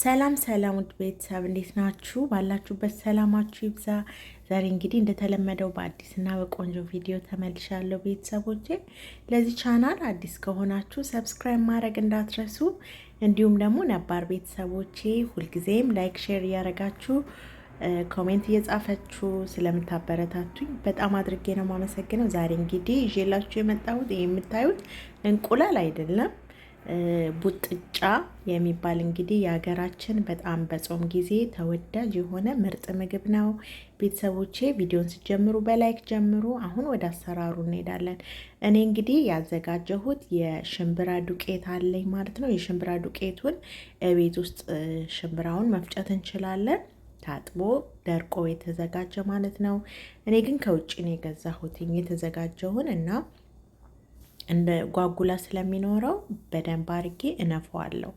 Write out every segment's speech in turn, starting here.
ሰላም ሰላም ውድ ቤተሰብ እንዴት ናችሁ? ባላችሁበት ሰላማችሁ ይብዛ። ዛሬ እንግዲህ እንደተለመደው በአዲስ እና በቆንጆ ቪዲዮ ተመልሻለሁ ቤተሰቦቼ። ለዚህ ቻናል አዲስ ከሆናችሁ ሰብስክራይብ ማድረግ እንዳትረሱ፣ እንዲሁም ደግሞ ነባር ቤተሰቦቼ ሁልጊዜም ላይክ፣ ሼር እያደረጋችሁ ኮሜንት እየጻፈችሁ ስለምታበረታቱኝ በጣም አድርጌ ነው የማመሰግነው። ዛሬ እንግዲህ ይዤላችሁ የመጣሁት ይህ የምታዩት እንቁላል አይደለም ቡጥጫ የሚባል እንግዲህ የሀገራችን በጣም በጾም ጊዜ ተወዳጅ የሆነ ምርጥ ምግብ ነው። ቤተሰቦቼ ቪዲዮን ስጀምሩ በላይክ ጀምሩ። አሁን ወደ አሰራሩ እንሄዳለን። እኔ እንግዲህ ያዘጋጀሁት የሽምብራ ዱቄት አለኝ ማለት ነው። የሽምብራ ዱቄቱን ቤት ውስጥ ሽምብራውን መፍጨት እንችላለን። ታጥቦ ደርቆ የተዘጋጀ ማለት ነው። እኔ ግን ከውጭ ነው የገዛሁትኝ የተዘጋጀውን እና እንደ ጓጉላ ስለሚኖረው በደንብ አድርጌ እነፋዋለሁ።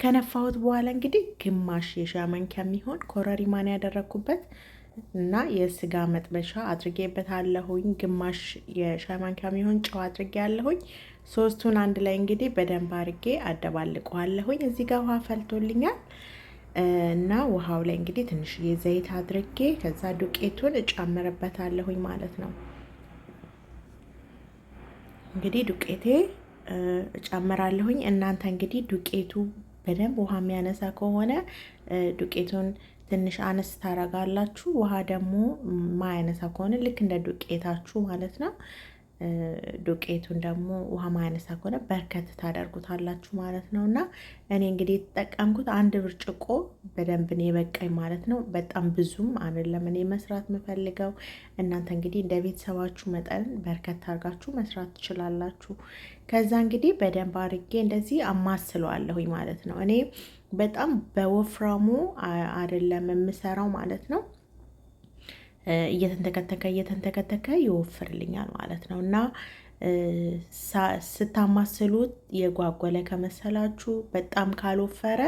ከነፋሁት በኋላ እንግዲህ ግማሽ የሻይ ማንኪያ የሚሆን ኮረሪማን ያደረግኩበት እና የስጋ መጥበሻ አድርጌበት አለሁኝ። ግማሽ የሻይ ማንኪያ የሚሆን ጨው አድርጌ አለሁኝ። ሶስቱን አንድ ላይ እንግዲህ በደንብ አድርጌ አደባልቀዋለሁኝ። እዚህ ጋር ውሃ ፈልቶልኛል እና ውሃው ላይ እንግዲህ ትንሽዬ ዘይት አድርጌ ከዛ ዱቄቱን እጨምርበታለሁኝ ማለት ነው። እንግዲህ ዱቄቴ እጨምራለሁኝ። እናንተ እንግዲህ ዱቄቱ በደንብ ውሃ የሚያነሳ ከሆነ ዱቄቱን ትንሽ አነስ ታረጋላችሁ። ውሃ ደግሞ ማያነሳ ከሆነ ልክ እንደ ዱቄታችሁ ማለት ነው ዱቄቱን ደግሞ ውሃ ማያነሳ ከሆነ በርከት ታደርጉታላችሁ ማለት ነው። እና እኔ እንግዲህ የተጠቀምኩት አንድ ብርጭቆ በደንብ ነው የበቃኝ ማለት ነው። በጣም ብዙም አይደለም እኔ መስራት የምፈልገው። እናንተ እንግዲህ እንደ ቤተሰባችሁ መጠን በርከት አድርጋችሁ መስራት ትችላላችሁ። ከዛ እንግዲህ በደንብ አድርጌ እንደዚህ አማስለዋለሁኝ ማለት ነው። እኔ በጣም በወፍራሙ አይደለም የምሰራው ማለት ነው። እየተንተከተከ እየተንተከተከ ይወፍርልኛል ማለት ነው እና ስታማስሉት የጓጎለ ከመሰላችሁ በጣም ካልወፈረ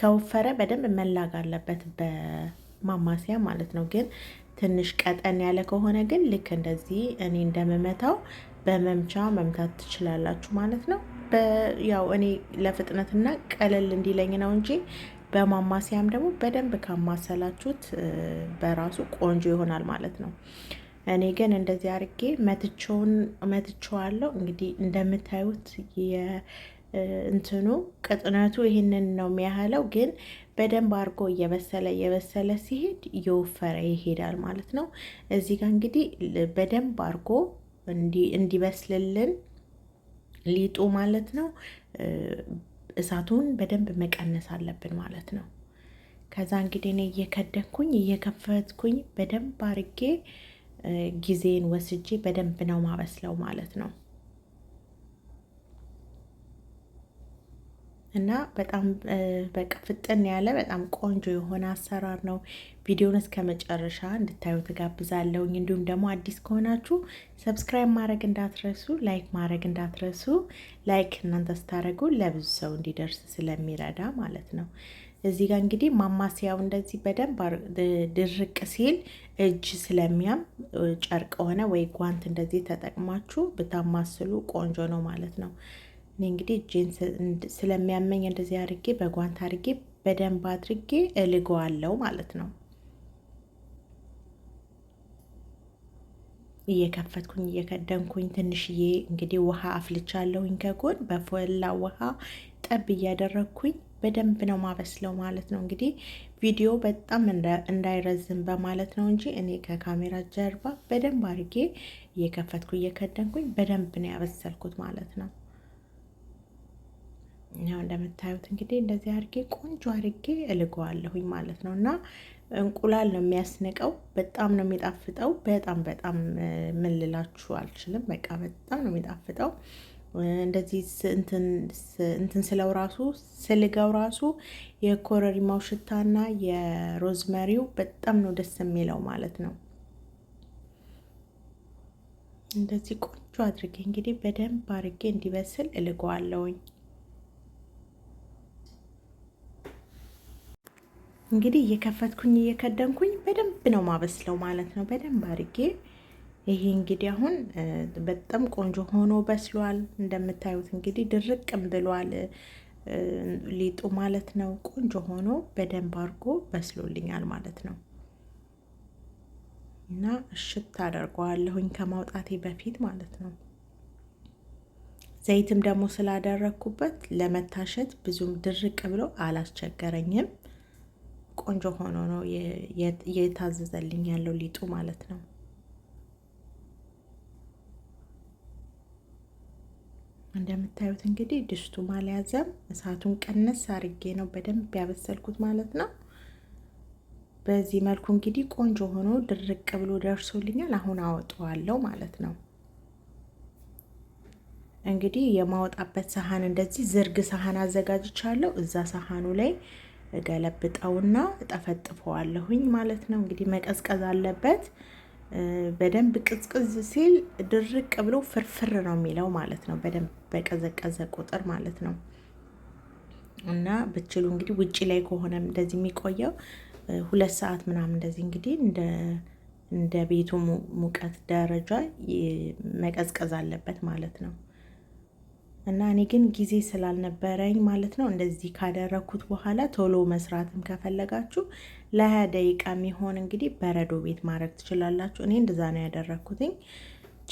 ከወፈረ በደንብ መላግ አለበት በማማሲያ ማለት ነው። ግን ትንሽ ቀጠን ያለ ከሆነ ግን ልክ እንደዚህ እኔ እንደምመታው በመምቻ መምታት ትችላላችሁ ማለት ነው። ያው እኔ ለፍጥነትና ቀለል እንዲለኝ ነው እንጂ በማማሰያም ደግሞ በደንብ ካማሰላችሁት በራሱ ቆንጆ ይሆናል ማለት ነው። እኔ ግን እንደዚህ አድርጌ መትቸውን መትቸዋለሁ። እንግዲህ እንደምታዩት እንትኑ ቅጥነቱ ይህንን ነው የሚያህለው። ግን በደንብ አድርጎ እየበሰለ እየበሰለ ሲሄድ እየወፈረ ይሄዳል ማለት ነው። እዚህ ጋር እንግዲህ በደንብ አድርጎ እንዲበስልልን ሊጡ ማለት ነው እሳቱን በደንብ መቀነስ አለብን ማለት ነው። ከዛ እንግዲህ እኔ እየከደንኩኝ እየከፈትኩኝ በደንብ አርጌ ጊዜን ወስጄ በደንብ ነው ማበስለው ማለት ነው። እና በጣም በቃ ፍጥን ያለ በጣም ቆንጆ የሆነ አሰራር ነው። ቪዲዮን እስከ መጨረሻ እንድታዩ ትጋብዛለሁ እንዲሁም ደግሞ አዲስ ከሆናችሁ ሰብስክራይብ ማድረግ እንዳትረሱ፣ ላይክ ማድረግ እንዳትረሱ። ላይክ እናንተ ስታደረጉ ለብዙ ሰው እንዲደርስ ስለሚረዳ ማለት ነው። እዚህ ጋር እንግዲህ ማማስያው እንደዚህ በደንብ ድርቅ ሲል እጅ ስለሚያም ጨርቅ ሆነ ወይ ጓንት እንደዚህ ተጠቅማችሁ ብታማስሉ ቆንጆ ነው ማለት ነው። እኔ እንግዲህ እጄን ስለሚያመኝ እንደዚህ አድርጌ በጓንት አድርጌ በደንብ አድርጌ እልገዋለሁ ማለት ነው። እየከፈትኩኝ እየከደንኩኝ ትንሽዬ እንግዲህ ውሃ አፍልቻለሁኝ ከጎን በፈላ ውሃ ጠብ እያደረግኩኝ በደንብ ነው ማበስለው ማለት ነው። እንግዲህ ቪዲዮ በጣም እንዳይረዝም በማለት ነው እንጂ እኔ ከካሜራ ጀርባ በደንብ አድርጌ እየከፈትኩ እየከደንኩኝ በደንብ ነው ያበሰልኩት ማለት ነው። ያው እንደምታዩት እንግዲህ እንደዚህ አድርጌ ቆንጆ አድርጌ እልገዋለሁኝ ማለት ነው። እና እንቁላል ነው የሚያስንቀው፣ በጣም ነው የሚጣፍጠው። በጣም በጣም ምን ልላችሁ አልችልም። በቃ በጣም ነው የሚጣፍጠው። እንደዚህ እንትን ስለው ራሱ ስልገው ራሱ የኮረሪማው ሽታና የሮዝመሪው በጣም ነው ደስ የሚለው ማለት ነው። እንደዚህ ቆንጆ አድርጌ እንግዲህ በደንብ አድርጌ እንዲበስል እልገዋለሁኝ። እንግዲህ እየከፈትኩኝ እየከደንኩኝ በደንብ ነው ማበስለው ማለት ነው። በደንብ አድርጌ ይሄ እንግዲህ አሁን በጣም ቆንጆ ሆኖ በስሏል። እንደምታዩት እንግዲህ ድርቅም ብሏል ሊጡ ማለት ነው። ቆንጆ ሆኖ በደንብ አድርጎ በስሎልኛል ማለት ነው። እና እሽት አደርገዋለሁኝ ከማውጣቴ በፊት ማለት ነው። ዘይትም ደግሞ ስላደረግኩበት ለመታሸት ብዙም ድርቅ ብሎ አላስቸገረኝም። ቆንጆ ሆኖ ነው የታዘዘልኝ ያለው ሊጡ ማለት ነው። እንደምታዩት እንግዲህ ድስቱ አልያዘም። እሳቱን ቀነስ አርጌ ነው በደንብ ያበሰልኩት ማለት ነው። በዚህ መልኩ እንግዲህ ቆንጆ ሆኖ ድርቅ ብሎ ደርሶልኛል። አሁን አወጣዋለሁ ማለት ነው። እንግዲህ የማወጣበት ሰሃን እንደዚህ ዝርግ ሰሃን አዘጋጅቻለሁ። እዛ ሰሃኑ ላይ ገለብጠውና እጠፈጥፈዋለሁኝ ማለት ነው። እንግዲህ መቀዝቀዝ አለበት። በደንብ ቅዝቅዝ ሲል ድርቅ ብሎ ፍርፍር ነው የሚለው ማለት ነው። በደንብ በቀዘቀዘ ቁጥር ማለት ነው። እና ብችሉ እንግዲህ ውጭ ላይ ከሆነ እንደዚህ የሚቆየው ሁለት ሰዓት ምናምን እንደዚህ እንግዲህ እንደ ቤቱ ሙቀት ደረጃ መቀዝቀዝ አለበት ማለት ነው። እና እኔ ግን ጊዜ ስላልነበረኝ ማለት ነው እንደዚህ ካደረግኩት በኋላ ቶሎ መስራትም ከፈለጋችሁ ለሀያ ደቂቃ የሚሆን እንግዲህ በረዶ ቤት ማድረግ ትችላላችሁ። እኔ እንደዛ ነው ያደረግኩትኝ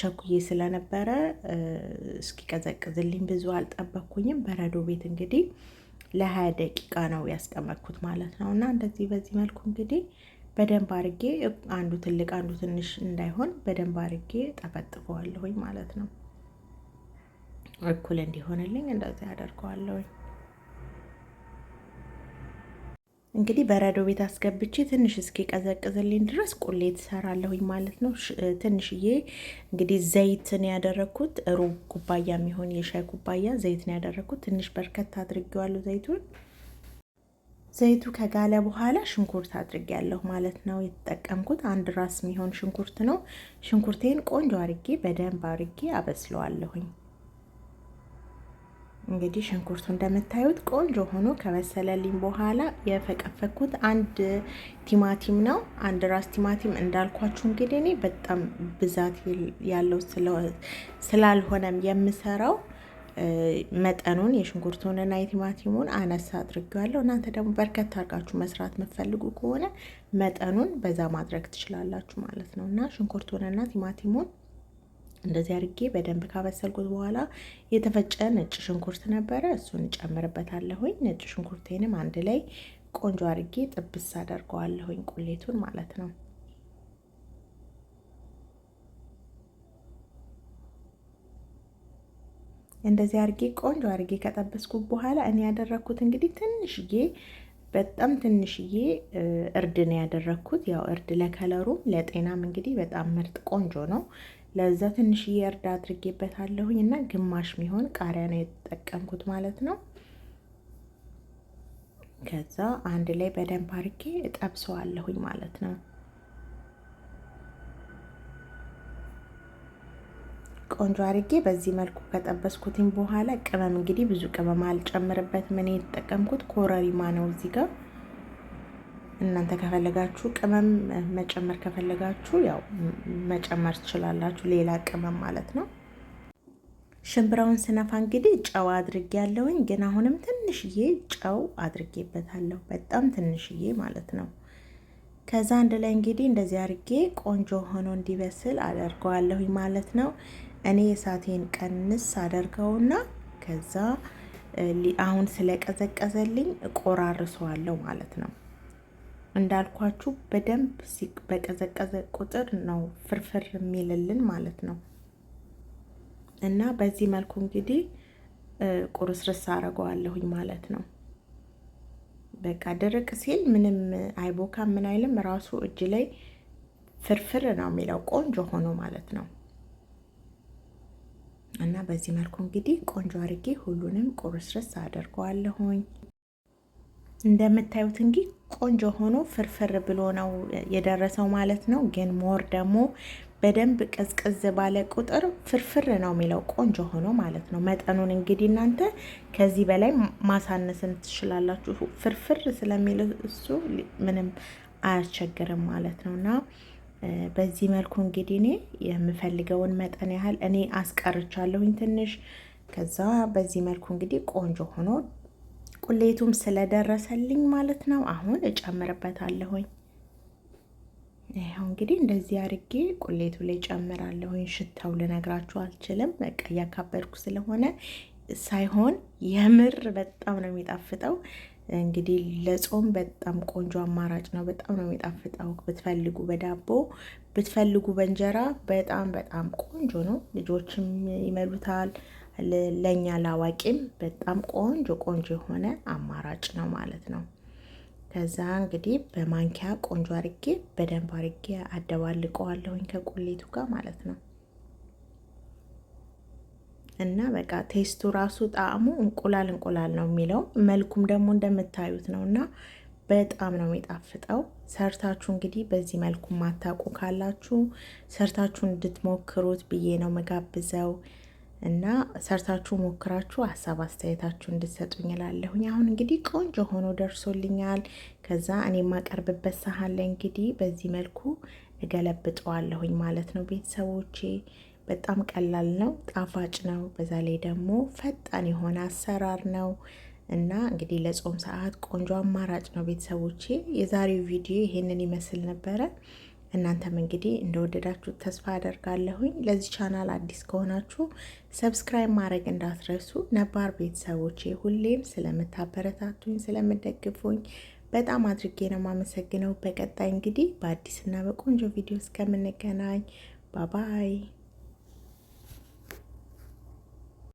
ቸኩዬ ስለነበረ እስኪቀዘቅዝልኝ ብዙ አልጠበኩኝም። በረዶ ቤት እንግዲህ ለሀያ ደቂቃ ነው ያስቀመጥኩት ማለት ነው እና እንደዚህ በዚህ መልኩ እንግዲህ በደንብ አርጌ አንዱ ትልቅ አንዱ ትንሽ እንዳይሆን በደንብ አርጌ ጠፈጥፈዋለሁኝ ማለት ነው። እኩል እንዲሆንልኝ እንደዚህ አደርገዋለሁ። እንግዲህ በረዶ ቤት አስገብቼ ትንሽ እስኪ ቀዘቅዝልኝ ድረስ ቁሌት ሰራለሁኝ ማለት ነው። ትንሽዬ እንግዲህ ዘይትን ያደረግኩት ሩብ ኩባያ የሚሆን የሻይ ኩባያ ዘይትን ያደረግኩት ትንሽ በርከት አድርጌዋለሁ ዘይቱን ዘይቱ ከጋለ በኋላ ሽንኩርት አድርጌያለሁ ማለት ነው። የተጠቀምኩት አንድ ራስ የሚሆን ሽንኩርት ነው። ሽንኩርቴን ቆንጆ አርጌ በደንብ አርጌ አበስለዋለሁኝ። እንግዲህ ሽንኩርቱ እንደምታዩት ቆንጆ ሆኖ ከበሰለልኝ በኋላ የፈቀፈኩት አንድ ቲማቲም ነው። አንድ ራስ ቲማቲም እንዳልኳችሁ እንግዲህ እኔ በጣም ብዛት ያለው ስላልሆነም የምሰራው መጠኑን የሽንኩርቱንና የቲማቲሙን አነሳ አድርጌዋለሁ። እናንተ ደግሞ በርከት አድርጋችሁ መስራት የምትፈልጉ ከሆነ መጠኑን በዛ ማድረግ ትችላላችሁ ማለት ነው እና ሽንኩርቱንና ቲማቲሙን እንደዚህ አድርጌ በደንብ ካበሰልኩት በኋላ የተፈጨ ነጭ ሽንኩርት ነበረ፣ እሱን እጨምርበታለሁኝ። ነጭ ሽንኩርቴንም አንድ ላይ ቆንጆ አድርጌ ጥብስ አደርገዋለሁኝ፣ ቁሌቱን ማለት ነው። እንደዚህ አድርጌ ቆንጆ አድርጌ ከጠበስኩት በኋላ እኔ ያደረግኩት እንግዲህ ትንሽዬ በጣም ትንሽዬ እርድ ነው ያደረግኩት። ያው እርድ ለከለሩም ለጤናም እንግዲህ በጣም ምርጥ ቆንጆ ነው። ለዛ ትንሽዬ እርድ አድርጌበታለሁኝ እና ግማሽ ሚሆን ቃሪያ ነው የተጠቀምኩት ማለት ነው። ከዛ አንድ ላይ በደንብ አድርጌ እጠብሰዋለሁኝ ማለት ነው። ቆንጆ አድርጌ በዚህ መልኩ ከጠበስኩትኝ በኋላ ቅመም እንግዲህ ብዙ ቅመም አልጨምርበትም። እኔ የተጠቀምኩት ኮረሪማ ነው እዚህ ጋር እናንተ ከፈለጋችሁ ቅመም መጨመር ከፈለጋችሁ ያው መጨመር ትችላላችሁ፣ ሌላ ቅመም ማለት ነው። ሽምብራውን ስነፋ እንግዲህ ጨው አድርጌ ያለውኝ ግን አሁንም ትንሽዬ ጨው አድርጌበታለሁ፣ በጣም ትንሽዬ ማለት ነው። ከዛ አንድ ላይ እንግዲህ እንደዚህ አድርጌ ቆንጆ ሆኖ እንዲበስል አደርገዋለሁኝ ማለት ነው። እኔ የእሳቴን ቀንስ አደርገውና ከዛ አሁን ስለቀዘቀዘልኝ ቆራርሰዋለሁ ማለት ነው። እንዳልኳችሁ በደንብ በቀዘቀዘ ቁጥር ነው ፍርፍር የሚልልን ማለት ነው። እና በዚህ መልኩ እንግዲህ ቁርስርስ አደርገዋለሁኝ ማለት ነው። በቃ ድርቅ ሲል ምንም አይቦካ ምን አይልም። ራሱ እጅ ላይ ፍርፍር ነው የሚለው ቆንጆ ሆኖ ማለት ነው። እና በዚህ መልኩ እንግዲህ ቆንጆ አድርጌ ሁሉንም ቁርስርስ አደርገዋለሁኝ እንደምታዩት እንግዲህ ቆንጆ ሆኖ ፍርፍር ብሎ ነው የደረሰው ማለት ነው። ግን ሞር ደግሞ በደንብ ቀዝቀዝ ባለ ቁጥር ፍርፍር ነው የሚለው ቆንጆ ሆኖ ማለት ነው። መጠኑን እንግዲህ እናንተ ከዚህ በላይ ማሳነስን ትችላላችሁ። ፍርፍር ስለሚል እሱ ምንም አያስቸግርም ማለት ነው እና በዚህ መልኩ እንግዲህ እኔ የምፈልገውን መጠን ያህል እኔ አስቀርቻለሁኝ ትንሽ። ከዛ በዚህ መልኩ እንግዲህ ቆንጆ ሆኖ ቁሌቱም ስለደረሰልኝ ማለት ነው። አሁን እጨምርበታለሁኝ። ይኸው እንግዲህ እንደዚህ አድርጌ ቁሌቱ ላይ ጨምራለሁኝ። ሽታው ልነግራችሁ አልችልም። በቃ እያካበድኩ ስለሆነ ሳይሆን የምር በጣም ነው የሚጣፍጠው። እንግዲህ ለጾም በጣም ቆንጆ አማራጭ ነው። በጣም ነው የሚጣፍጠው። ብትፈልጉ በዳቦ ብትፈልጉ በእንጀራ በጣም በጣም ቆንጆ ነው። ልጆችም ይመሉታል። ለእኛ ላዋቂም በጣም ቆንጆ ቆንጆ የሆነ አማራጭ ነው ማለት ነው። ከዛ እንግዲህ በማንኪያ ቆንጆ አርጌ በደንብ አርጌ አደባልቀዋለሁኝ ከቁሌቱ ጋር ማለት ነው። እና በቃ ቴስቱ ራሱ ጣዕሙ እንቁላል እንቁላል ነው የሚለው መልኩም ደግሞ እንደምታዩት ነው እና በጣም ነው የሚጣፍጠው። ሰርታችሁ እንግዲህ በዚህ መልኩ ማታውቁ ካላችሁ ሰርታችሁ እንድትሞክሩት ብዬ ነው መጋብዘው። እና ሰርታችሁ ሞክራችሁ ሀሳብ አስተያየታችሁ እንድትሰጡኝ እላለሁኝ። አሁን እንግዲህ ቆንጆ ሆኖ ደርሶልኛል። ከዛ እኔ የማቀርብበት ሳህን ላይ እንግዲህ በዚህ መልኩ እገለብጠዋለሁኝ ማለት ነው። ቤተሰቦቼ በጣም ቀላል ነው፣ ጣፋጭ ነው። በዛ ላይ ደግሞ ፈጣን የሆነ አሰራር ነው እና እንግዲህ ለጾም ሰዓት ቆንጆ አማራጭ ነው። ቤተሰቦቼ የዛሬው ቪዲዮ ይሄንን ይመስል ነበረ። እናንተም እንግዲህ እንደወደዳችሁ ተስፋ አደርጋለሁኝ። ለዚህ ቻናል አዲስ ከሆናችሁ ሰብስክራይብ ማድረግ እንዳትረሱ። ነባር ቤተሰቦቼ ሁሌም ስለምታበረታቱኝ ስለምደግፉኝ በጣም አድርጌ ነው የማመሰግነው። በቀጣይ እንግዲህ በአዲስና በቆንጆ ቪዲዮ እስከምንገናኝ ባባይ